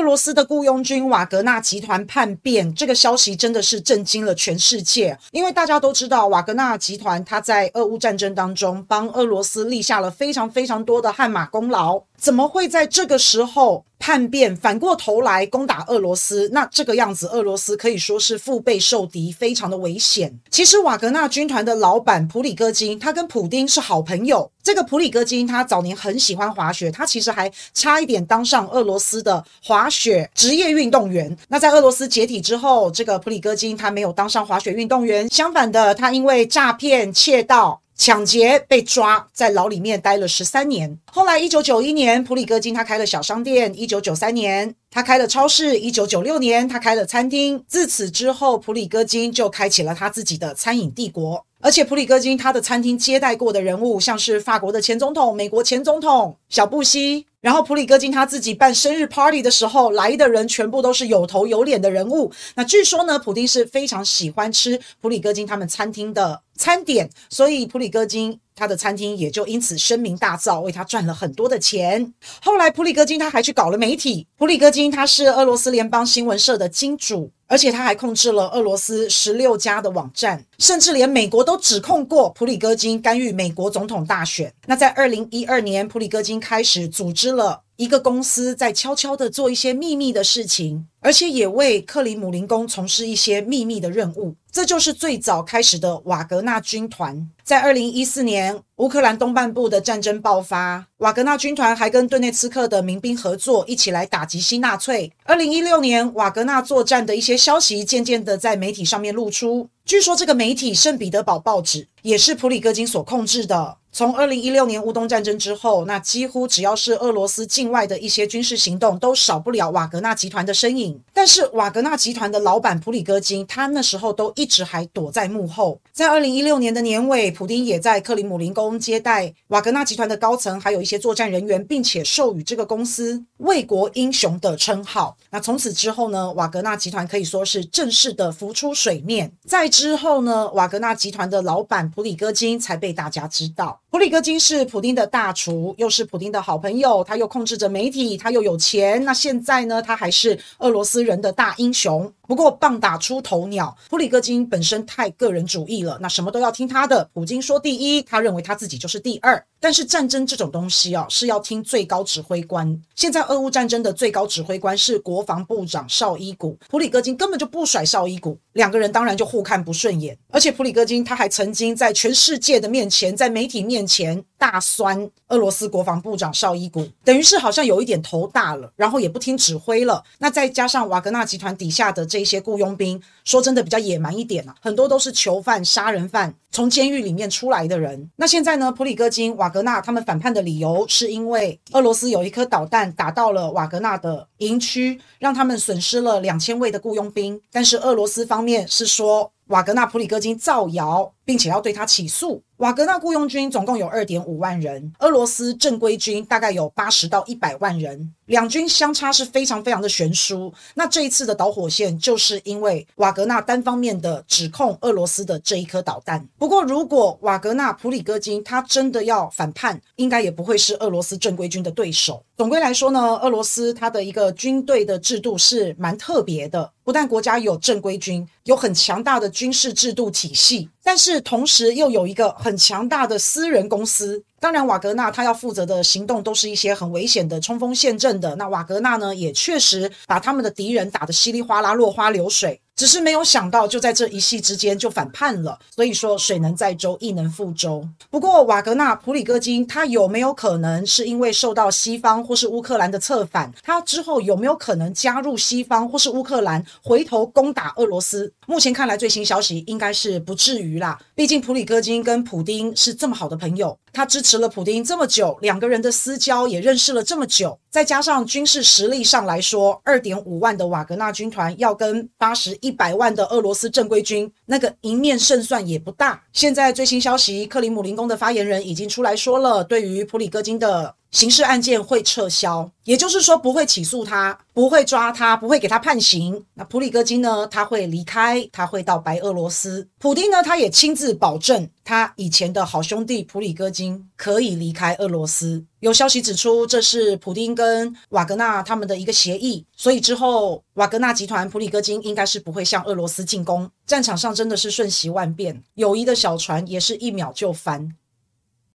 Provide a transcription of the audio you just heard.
俄羅斯的僱傭軍瓦格納集團叛變，這個消息真的是震驚了全世界。因為大家都知道，瓦格納集團他在俄烏戰爭當中幫俄羅斯立下了非常非常多的汗馬功勞。怎麼會在這個時候叛變，反過頭來攻打俄羅斯？那這個樣子，俄羅斯可以說是腹背受敵，非常的危險。其實，瓦格納軍團的老板普里戈金，他跟普丁是好朋友。這個普里戈金，他早年很喜歡滑雪，他其實還差一點當上俄羅斯的滑雪職業運動員。那在俄羅斯解體之後，這個普里戈金他沒有當上滑雪運動員，相反的，他因為詐騙、竊盜。搶劫被抓，在牢裡面待了十三年。後來，一九九一年，普里戈金他開了小商店；一九九三年，他開了超市；一九九六年，他開了餐廳。自此之後，普里戈金就開啟了他自己的餐飲帝國。而且，普里戈金他的餐廳接待過的人物，像是法國的前總統、美國前總統小布希。然後，普里戈金他自己辦生日 party 的時候，來的人全部都是有頭有臉的人物。那據說呢，普丁是非常喜歡吃普里戈金他們餐廳的。餐點，所以普里戈金他的餐廳也就因此聲名大噪，為他賺了很多的錢。後來普里戈金他還去搞了媒體，普里戈金他是俄羅斯聯邦新聞社的金主，而且他還控制了俄羅斯十六家的網站，甚至連美國都指控過普里戈金干預美國總統大選。那在二零一二年，普里戈金開始組織了一個公司，在悄悄地做一些秘密的事情。而且也為克里姆林宮從事一些秘密的任務，這就是最早開始的瓦格納軍團。在二零一四年，烏克蘭東半部的戰爭爆發，瓦格納軍團還跟頓涅茨克的民兵合作，一起來打擊新納粹。二零一六年，瓦格納作戰的一些消息漸漸地在媒體上面露出，據說這個媒體《聖彼得堡報紙》也是普里戈金所控制的。從二零一六年烏東戰爭之後，那幾乎只要是俄羅斯境外的一些軍事行動，都少不了瓦格納集團的身影。但是瓦格納集團的老板普里戈金，他那時候都一直還躲在幕後。在二零一六年的年尾，普丁也在克里姆林宮接待瓦格納集團的高層，還有一些作戰人員，並且授予這個公司“衛國英雄”的稱號。那從此之後呢，瓦格納集團可以說是正式的浮出水面。在之後呢，瓦格納集團的老板普里戈金才被大家知道。普里戈金是普丁的大廚，又是普丁的好朋友，他又控制着媒體，他又有錢。那現在呢？他還是俄羅斯人的大英雄。不過棒打出頭鳥，普里戈津本身太個人主義了，那什麼都要聽他的。普京說第一，他認為他自己就是第二。但是戰爭這種東西啊、哦，是要聽最高指揮官。現在俄烏戰爭的最高指揮官是國防部長紹伊古，普里戈津根本就不甩紹伊古，兩個人當然就互看不順眼。而且普里戈津他還曾經在全世界的面前，在媒體面前。大酸俄羅斯國防部長紹伊古，等於是好像有一點頭大了，然後也不聽指揮了。那再加上瓦格納集團底下的這些僱傭兵，說真的比較野蠻一點啊。很多都是囚犯、殺人犯，從監獄裡面出來的人。那現在呢，普里戈金、瓦格納他們反叛的理由是因為俄羅斯有一顆導彈打到了瓦格納的營區，讓他們損失了兩千位的僱傭兵。但是俄羅斯方面是說，瓦格納、普里戈金造謠。並且要對他起訴。瓦格納僱傭軍總共有二點五萬人，俄羅斯正規軍大概有八十到一百萬人，兩軍相差是非常非常的懸殊。那這一次的導火線，就是因為瓦格納單方面的指控俄羅斯的這一顆導彈。不過，如果瓦格納普里戈金他真的要反叛，應該也不會是俄羅斯正規軍的對手。總歸來說呢，俄羅斯它的一個軍隊的制度是蠻特別的，不但國家有正規軍，有很強大的軍事制度體系。但是同時又有一個很強大的私人公司。當然，瓦格納他要負責的行動都是一些很危險的衝鋒陷陣的，那瓦格納呢，也確實把他們的敵人打得稀里嘩啦、落花流水。只是沒有想到，就在這一夕之間就反叛了。所以說，水能載舟，亦能覆舟。不過，瓦格納普里戈金他有沒有可能是因為受到西方或是烏克蘭的策反？他之後有沒有可能加入西方或是烏克蘭，回頭攻打俄羅斯？目前看來，最新消息應該是不至於啦。畢竟，普里戈金跟普丁是這麼好的朋友。他支持了普丁這麼久，兩個人的私交也認識了這麼久，再加上軍事實力上來說，二點五萬的瓦格納軍團要跟八十一百萬的俄羅斯正規軍，那個贏面勝算也不大。現在最新消息，克里姆林宮的發言人已經出來說了，對於普里戈金的。刑事案件會撤銷，也就是說不會起訴他，不會抓他，不會給他判刑。那普里戈金呢？他會離開，他會到白俄羅斯。普丁呢？他也親自保證，他以前的好兄弟普里戈金可以離開俄羅斯。有消息指出，這是普丁跟瓦格納他們的一個協議。所以之後，瓦格納集團普里戈金應該是不會向俄羅斯進攻。戰場上真的是瞬息萬變，友誼的小船也是一秒就翻。